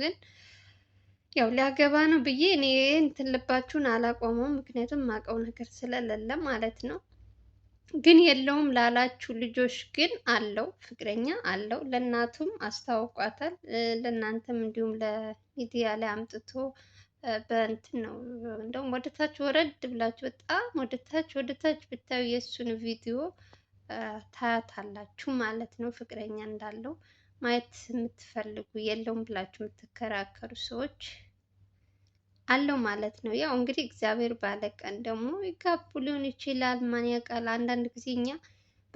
ግን ያው ሊያገባ ነው ብዬ እኔ እንትን ልባችሁን አላቆመውም። ምክንያቱም ማቀው ነገር ስለሌለ ማለት ነው። ግን የለውም ላላችሁ ልጆች ግን አለው፣ ፍቅረኛ አለው። ለእናቱም አስታውቋታል። ለእናንተም እንዲሁም ለሚዲያ ላይ አምጥቶ በእንትን ነው እንደውም ወደታች ወረድ ብላችሁ በጣም ወደታች ወደታች ብታዩ የእሱን ቪዲዮ ታያታላችሁ ማለት ነው ፍቅረኛ እንዳለው ማየት የምትፈልጉ የለውም ብላችሁ የምትከራከሩ ሰዎች አለው ማለት ነው። ያው እንግዲህ እግዚአብሔር ባለ ቀን ደግሞ ይጋቡ ሊሆን ይችላል። ማን ያውቃል? አንዳንድ ጊዜ እኛ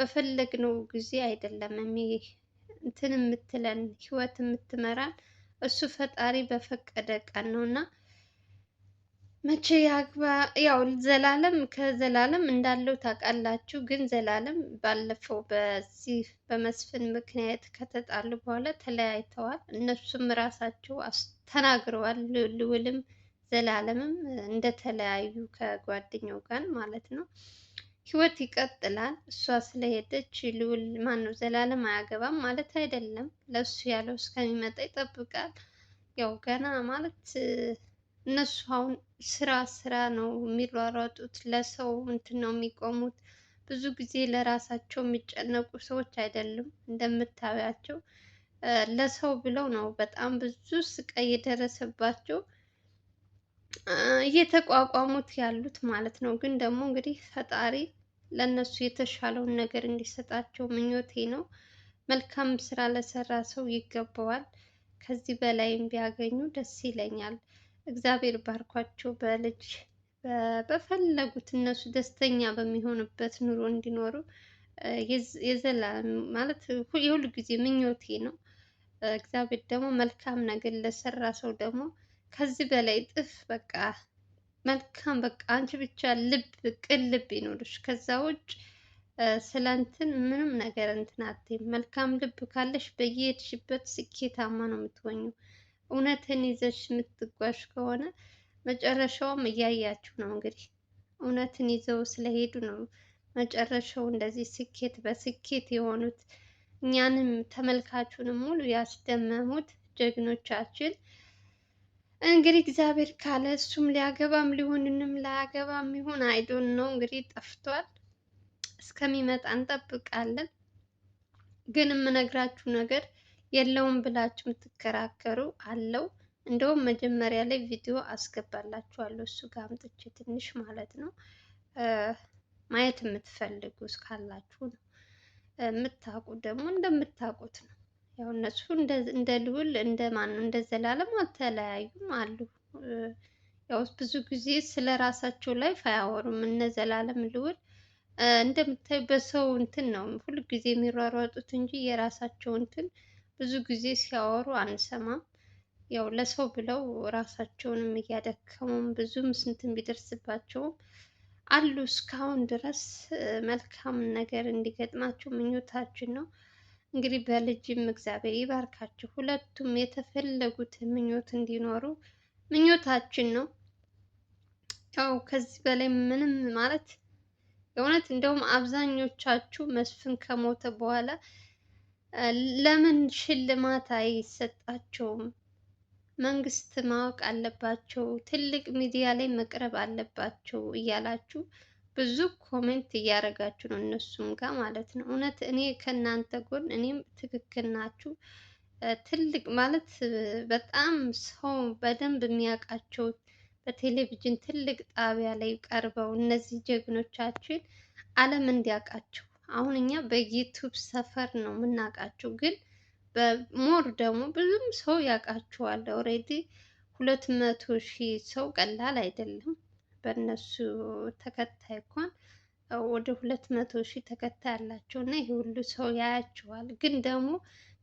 በፈለግነው ጊዜ አይደለም እንትን የምትለን ህይወት የምትመራን እሱ ፈጣሪ በፈቀደ ቀን ነው እና መቼ ያግባ ያው ዘላለም ከዘላለም እንዳለው ታውቃላችሁ። ግን ዘላለም ባለፈው በዚህ በመስፍን ምክንያት ከተጣሉ በኋላ ተለያይተዋል። እነሱም ራሳቸው ተናግረዋል። ልውልም ዘላለምም እንደተለያዩ ከጓደኛው ጋር ማለት ነው። ህይወት ይቀጥላል። እሷ ስለሄደች ልውል ማን ነው ዘላለም አያገባም ማለት አይደለም። ለእሱ ያለው እስከሚመጣ ይጠብቃል። ያው ገና ማለት እነሱ አሁን ስራ ስራ ነው የሚሯሯጡት፣ ለሰው እንትን ነው የሚቆሙት። ብዙ ጊዜ ለራሳቸው የሚጨነቁ ሰዎች አይደሉም። እንደምታያቸው ለሰው ብለው ነው በጣም ብዙ ስቃይ የደረሰባቸው እየተቋቋሙት ያሉት ማለት ነው። ግን ደግሞ እንግዲህ ፈጣሪ ለእነሱ የተሻለውን ነገር እንዲሰጣቸው ምኞቴ ነው። መልካም ስራ ለሰራ ሰው ይገባዋል። ከዚህ በላይም ቢያገኙ ደስ ይለኛል። እግዚአብሔር ባርኳቸው በልጅ በፈለጉት እነሱ ደስተኛ በሚሆንበት ኑሮ እንዲኖሩ የዘላለም ማለት የሁሉ ጊዜ ምኞቴ ነው። እግዚአብሔር ደግሞ መልካም ነገር ለሰራ ሰው ደግሞ ከዚህ በላይ እጥፍ በቃ መልካም በቃ አንቺ ብቻ ልብ ቅን ልብ ይኖርሽ። ከዛ ውጭ ስለ እንትን ምንም ነገር እንትን አትይም። መልካም ልብ ካለሽ በየሄድሽበት ስኬታማ ነው የምትሆኚው። እውነትን ይዘሽ የምትጓዥ ከሆነ መጨረሻውም እያያችሁ ነው። እንግዲህ እውነትን ይዘው ስለሄዱ ነው መጨረሻው እንደዚህ ስኬት በስኬት የሆኑት እኛንም ተመልካቹንም ሙሉ ያስደመሙት ጀግኖቻችን። እንግዲህ እግዚአብሔር ካለ እሱም ሊያገባም ሊሆንንም ላያገባም ይሆን አይዶን ነው እንግዲህ ጠፍቷል። እስከሚመጣ እንጠብቃለን። ግን የምነግራችሁ ነገር የለውም ብላችሁ የምትከራከሩ አለው። እንደውም መጀመሪያ ላይ ቪዲዮ አስገባላችኋለሁ እሱ ጋር አምጥቼ ትንሽ ማለት ነው። ማየት የምትፈልጉ እስካላችሁ ነው። የምታውቁ ደግሞ እንደምታውቁት ነው። ያው እነሱ እንደ ልዑል እንደ ማን እንደ ዘላለም አልተለያዩም አሉ። ያው ብዙ ጊዜ ስለ ራሳቸው ላይ አያወሩም እነ ዘላለም ልዑል እንደምታዩ በሰው እንትን ነው ሁል ጊዜ የሚሯሯጡት እንጂ የራሳቸው እንትን ብዙ ጊዜ ሲያወሩ አንሰማም። ያው ለሰው ብለው ራሳቸውንም እያደከሙም ብዙም ስንትን ቢደርስባቸውም አሉ እስካሁን ድረስ መልካም ነገር እንዲገጥማቸው ምኞታችን ነው። እንግዲህ በልጅም እግዚአብሔር ይባርካቸው። ሁለቱም የተፈለጉት ምኞት እንዲኖሩ ምኞታችን ነው። ያው ከዚህ በላይ ምንም ማለት የእውነት እንደውም አብዛኞቻችሁ መስፍን ከሞተ በኋላ ለምን ሽልማት አይሰጣቸውም? መንግስት ማወቅ አለባቸው፣ ትልቅ ሚዲያ ላይ መቅረብ አለባቸው እያላችሁ ብዙ ኮሜንት እያደረጋችሁ ነው እነሱም ጋር ማለት ነው። እውነት እኔ ከእናንተ ጎን እኔም ትክክል ናችሁ። ትልቅ ማለት በጣም ሰው በደንብ የሚያውቃቸው በቴሌቪዥን ትልቅ ጣቢያ ላይ ቀርበው እነዚህ ጀግኖቻችን ዓለም እንዲያውቃቸው አሁን እኛ በዩቱብ ሰፈር ነው የምናውቃቸው፣ ግን በሞር ደግሞ ብዙም ሰው ያውቃቸዋል። ኦልሬዲ ሁለት መቶ ሺህ ሰው ቀላል አይደለም። በእነሱ ተከታይ እንኳን ወደ ሁለት መቶ ሺህ ተከታይ አላቸው እና ይህ ሁሉ ሰው ያያቸዋል። ግን ደግሞ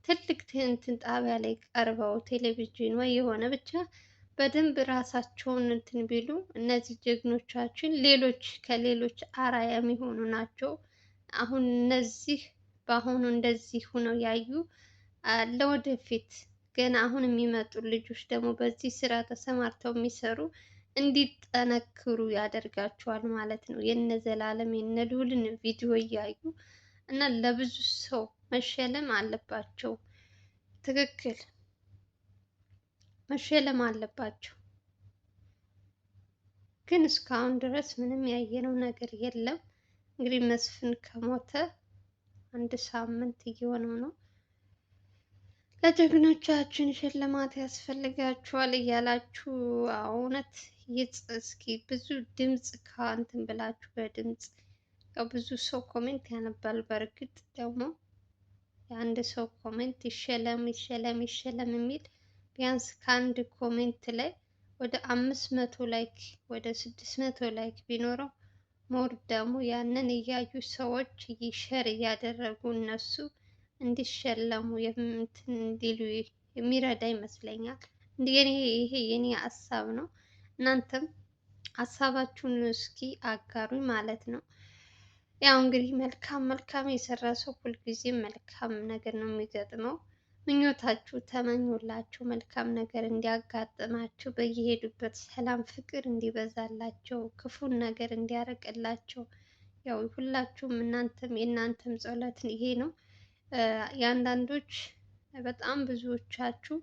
ትልቅ እንትን ጣቢያ ላይ ቀርበው ቴሌቪዥን ወይ የሆነ ብቻ በደንብ ራሳቸውን እንትን ቢሉ እነዚህ ጀግኖቻችን ሌሎች ከሌሎች አርአያ የሚሆኑ ናቸው። አሁን እነዚህ በአሁኑ እንደዚህ ሆነው ያዩ ለወደፊት ገና አሁን የሚመጡ ልጆች ደግሞ በዚህ ስራ ተሰማርተው የሚሰሩ እንዲጠነክሩ ያደርጋቸዋል ማለት ነው። የነ ዘላለም የነ ልዑልን ቪዲዮ እያዩ እና ለብዙ ሰው መሸለም አለባቸው። ትክክል መሸለም አለባቸው። ግን እስካሁን ድረስ ምንም ያየነው ነገር የለም። እንግዲህ መስፍን ከሞተ አንድ ሳምንት እየሆነው ነው። ለጀግኖቻችን ሽልማት ያስፈልጋችኋል እያላችሁ እውነት ይጽ እስኪ ብዙ ድምፅ ከእንትን ብላችሁ በድምፅ ያው ብዙ ሰው ኮሜንት ያነባል። በእርግጥ ደግሞ የአንድ ሰው ኮሜንት ይሸለም ይሸለም ይሸለም የሚል ቢያንስ ከአንድ ኮሜንት ላይ ወደ አምስት መቶ ላይክ ወደ ስድስት መቶ ላይክ ቢኖረው ሞር ደግሞ ያንን እያዩ ሰዎች ሸር እያደረጉ እነሱ እንዲሸለሙ እንትን እንዲሉ የሚረዳ ይመስለኛል። ይሄ የኔ ሀሳብ ነው። እናንተም ሀሳባችሁን እስኪ አጋሩኝ ማለት ነው። ያው እንግዲህ መልካም መልካም የሰራ ሰው ሁልጊዜም መልካም ነገር ነው የሚገጥመው። ምኞታችሁ ተመኙላችሁ፣ መልካም ነገር እንዲያጋጥማችሁ፣ በየሄዱበት ሰላም ፍቅር እንዲበዛላቸው፣ ክፉን ነገር እንዲያርቅላቸው። ያው ሁላችሁም እናንተም የእናንተም ጸሎት ይሄ ነው። የአንዳንዶች በጣም ብዙዎቻችሁ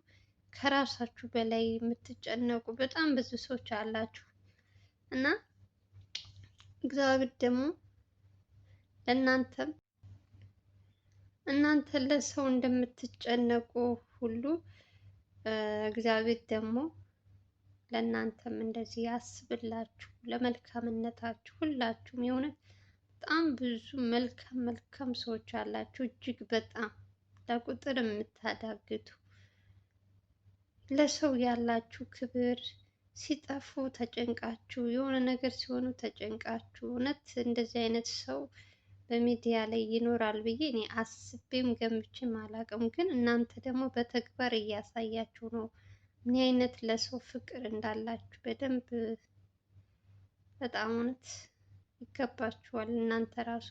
ከራሳችሁ በላይ የምትጨነቁ በጣም ብዙ ሰዎች አላችሁ እና እግዚአብሔር ደግሞ ለእናንተም እናንተ ለሰው እንደምትጨነቁ ሁሉ እግዚአብሔር ደግሞ ለእናንተም እንደዚህ ያስብላችሁ፣ ለመልካምነታችሁ ሁላችሁም የሆነ በጣም ብዙ መልካም መልካም ሰዎች አላችሁ። እጅግ በጣም ለቁጥር የምታዳግቱ ለሰው ያላችሁ ክብር ሲጠፉ ተጨንቃችሁ፣ የሆነ ነገር ሲሆኑ ተጨንቃችሁ እውነት እንደዚህ አይነት ሰው በሚዲያ ላይ ይኖራል ብዬ እኔ አስቤም ገምቼም አላውቅም። ግን እናንተ ደግሞ በተግባር እያሳያችሁ ነው። ምን አይነት ለሰው ፍቅር እንዳላችሁ በደንብ በጣም እውነት ይገባችኋል። እናንተ ራሱ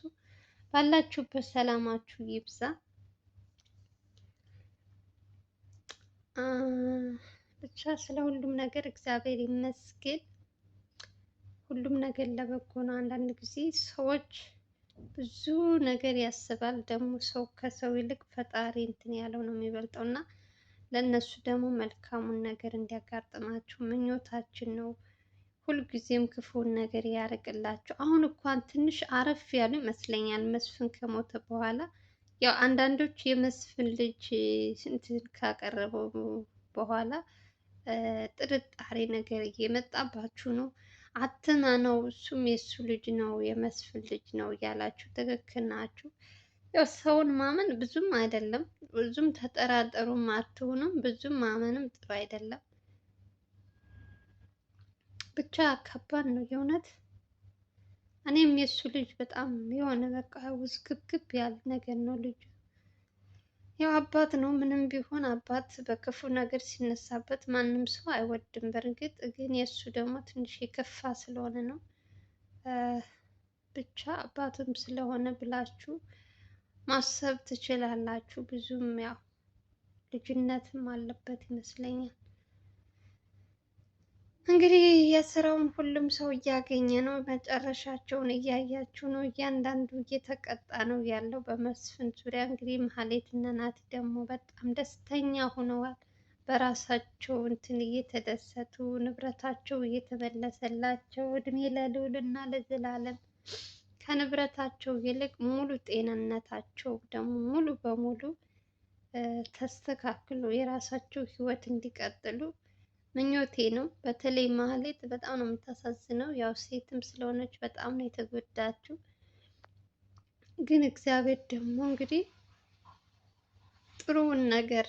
ባላችሁበት ሰላማችሁ ይብዛ። ብቻ ስለ ሁሉም ነገር እግዚአብሔር ይመስገን። ሁሉም ነገር ለበጎ ነው። አንዳንድ ጊዜ ሰዎች ብዙ ነገር ያስባል። ደግሞ ሰው ከሰው ይልቅ ፈጣሪ እንትን ያለው ነው የሚበልጠው እና ለእነሱ ደግሞ መልካሙን ነገር እንዲያጋጥማቸው ምኞታችን ነው። ሁልጊዜም ክፉን ነገር ያርቅላቸው። አሁን እንኳን ትንሽ አረፍ ያሉ ይመስለኛል መስፍን ከሞተ በኋላ ያው አንዳንዶች የመስፍን ልጅ እንትን ካቀረበው በኋላ ጥርጣሬ ነገር እየመጣባችሁ ነው አትና ነው እሱም የሱ ልጅ ነው የመስፍን ልጅ ነው እያላችሁ ትክክል ናችሁ። ያው ሰውን ማመን ብዙም አይደለም፣ ብዙም ተጠራጠሩም አትሆኑም፣ ብዙም ማመንም ጥሩ አይደለም። ብቻ ከባድ ነው የእውነት። እኔም የሱ ልጅ በጣም የሆነ በቃ ውዝግብግብ ያለ ነገር ነው ልጁ ያው አባት ነው ምንም ቢሆን አባት በክፉ ነገር ሲነሳበት ማንም ሰው አይወድም። በእርግጥ ግን የእሱ ደግሞ ትንሽ የከፋ ስለሆነ ነው። ብቻ አባትም ስለሆነ ብላችሁ ማሰብ ትችላላችሁ። ብዙም ያው ልጅነትም አለበት ይመስለኛል። እንግዲህ የስራውን ሁሉም ሰው እያገኘ ነው። መጨረሻቸውን እያያችሁ ነው። እያንዳንዱ እየተቀጣ ነው ያለው በመስፍን ዙሪያ። እንግዲህ መሀሌት እና ናቲ ደግሞ በጣም ደስተኛ ሆነዋል። በራሳቸው እንትን እየተደሰቱ ንብረታቸው እየተመለሰላቸው እድሜ ለልዑል እና ለዘላለም ከንብረታቸው ይልቅ ሙሉ ጤንነታቸው ደግሞ ሙሉ በሙሉ ተስተካክሎ የራሳቸው ህይወት እንዲቀጥሉ ምኞቴ ነው። በተለይ ማህሌት በጣም ነው የምታሳዝነው። ያው ሴትም ስለሆነች በጣም ነው የተጎዳችው። ግን እግዚአብሔር ደግሞ እንግዲህ ጥሩውን ነገር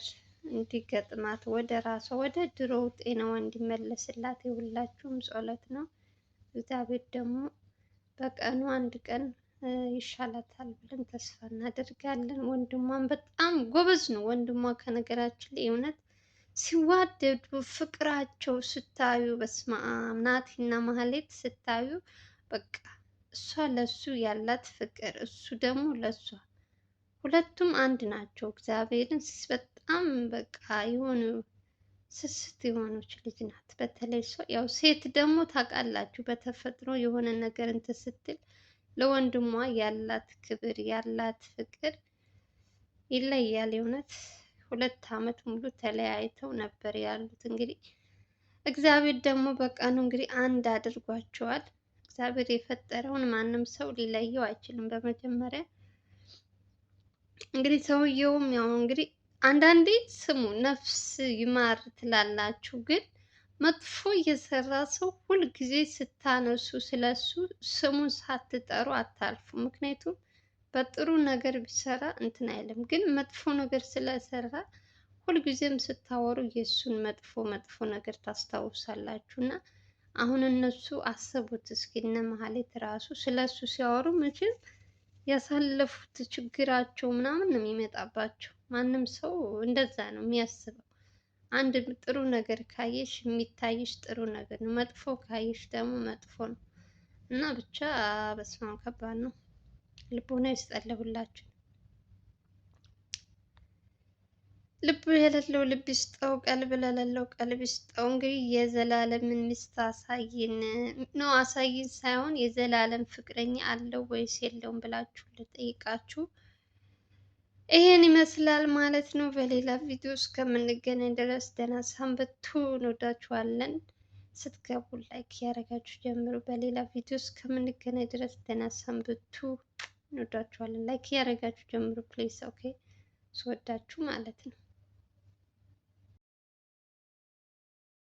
እንዲገጥማት ወደ ራሷ ወደ ድሮ ጤናዋ እንዲመለስላት የሁላችሁም ጸሎት ነው። እግዚአብሔር ደግሞ በቀኑ አንድ ቀን ይሻላታል ብለን ተስፋ እናደርጋለን። ወንድሟን በጣም ጎበዝ ነው ወንድሟ ከነገራችን ላይ እውነት ሲዋደዱ ፍቅራቸው ስታዩ በስመ አብ ናቲና ማህሌት ስታዩ በቃ እሷ ለሱ ያላት ፍቅር እሱ ደግሞ ለሷ ሁለቱም አንድ ናቸው። እግዚአብሔርን በጣም በቃ የሆኑ ስስት የሆነች ልጅ ናት። በተለይ ሰው ያው ሴት ደግሞ ታውቃላችሁ በተፈጥሮ የሆነ ነገር እንትን ስትል ለወንድሟ ያላት ክብር ያላት ፍቅር ይለያል የእውነት። ሁለት ዓመት ሙሉ ተለያይተው ነበር ያሉት። እንግዲህ እግዚአብሔር ደግሞ በቀኑ እንግዲህ አንድ አድርጓቸዋል። እግዚአብሔር የፈጠረውን ማንም ሰው ሊለየው አይችልም። በመጀመሪያ እንግዲህ ሰውየውም ያው እንግዲህ አንዳንዴ ስሙ ነፍስ ይማር ትላላችሁ፣ ግን መጥፎ እየሰራ ሰው ሁልጊዜ ስታነሱ ስለሱ ስሙን ሳትጠሩ አታልፉ። ምክንያቱም በጥሩ ነገር ቢሰራ እንትን አይልም። ግን መጥፎ ነገር ስለሰራ ሁልጊዜም ስታወሩ የእሱን መጥፎ መጥፎ ነገር ታስታውሳላችሁ እና አሁን እነሱ አሰቡት እስኪ እነ መሀሌት ራሱ ስለ እሱ ሲያወሩ መቼም ያሳለፉት ችግራቸው ምናምን ነው የሚመጣባቸው። ማንም ሰው እንደዛ ነው የሚያስበው። አንድ ጥሩ ነገር ካየሽ የሚታይሽ ጥሩ ነገር ነው፣ መጥፎ ካየሽ ደግሞ መጥፎ ነው እና ብቻ በስማም ከባድ ነው። ልቦና ይስጠለሁላችሁ። ልብ የሌለው ልብ ይስጠው፣ ቀልብ ለሌለው ቀልብ ይስጠው። እንግዲህ የዘላለምን ሚስት አሳይን ነው አሳይን ሳይሆን የዘላለም ፍቅረኛ አለው ወይስ የለውም ብላችሁ ልጠይቃችሁ። ይሄን ይመስላል ማለት ነው። በሌላ ቪዲዮ እስከምንገናኝ ድረስ ደህና ሰንብቱ። እንወዳችኋለን። ስትገቡ ላይክ ያደረጋችሁ ጀምሩ። በሌላ ቪዲዮ እስከምንገናኝ ድረስ ደህና ሰንብቱ። እንወዳችኋለን። ላይክ እያደረጋችሁ ጀምሩ ፕሌስ ኦኬ። ስወዳችሁ ማለት ነው።